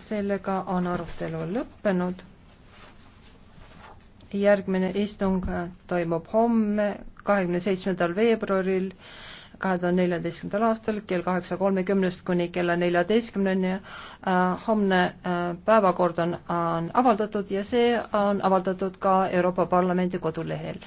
sellega on arutelu lõppenud. järgmine istung toimub homme, kahekümne seitsmendal veebruaril kahe tuhande neljateistkümnendal aastal kell kaheksa kolmekümnest kuni kella neljateistkümneni. Äh, homne äh, päevakord on, on avaldatud ja see on avaldatud ka Euroopa Parlamendi kodulehel.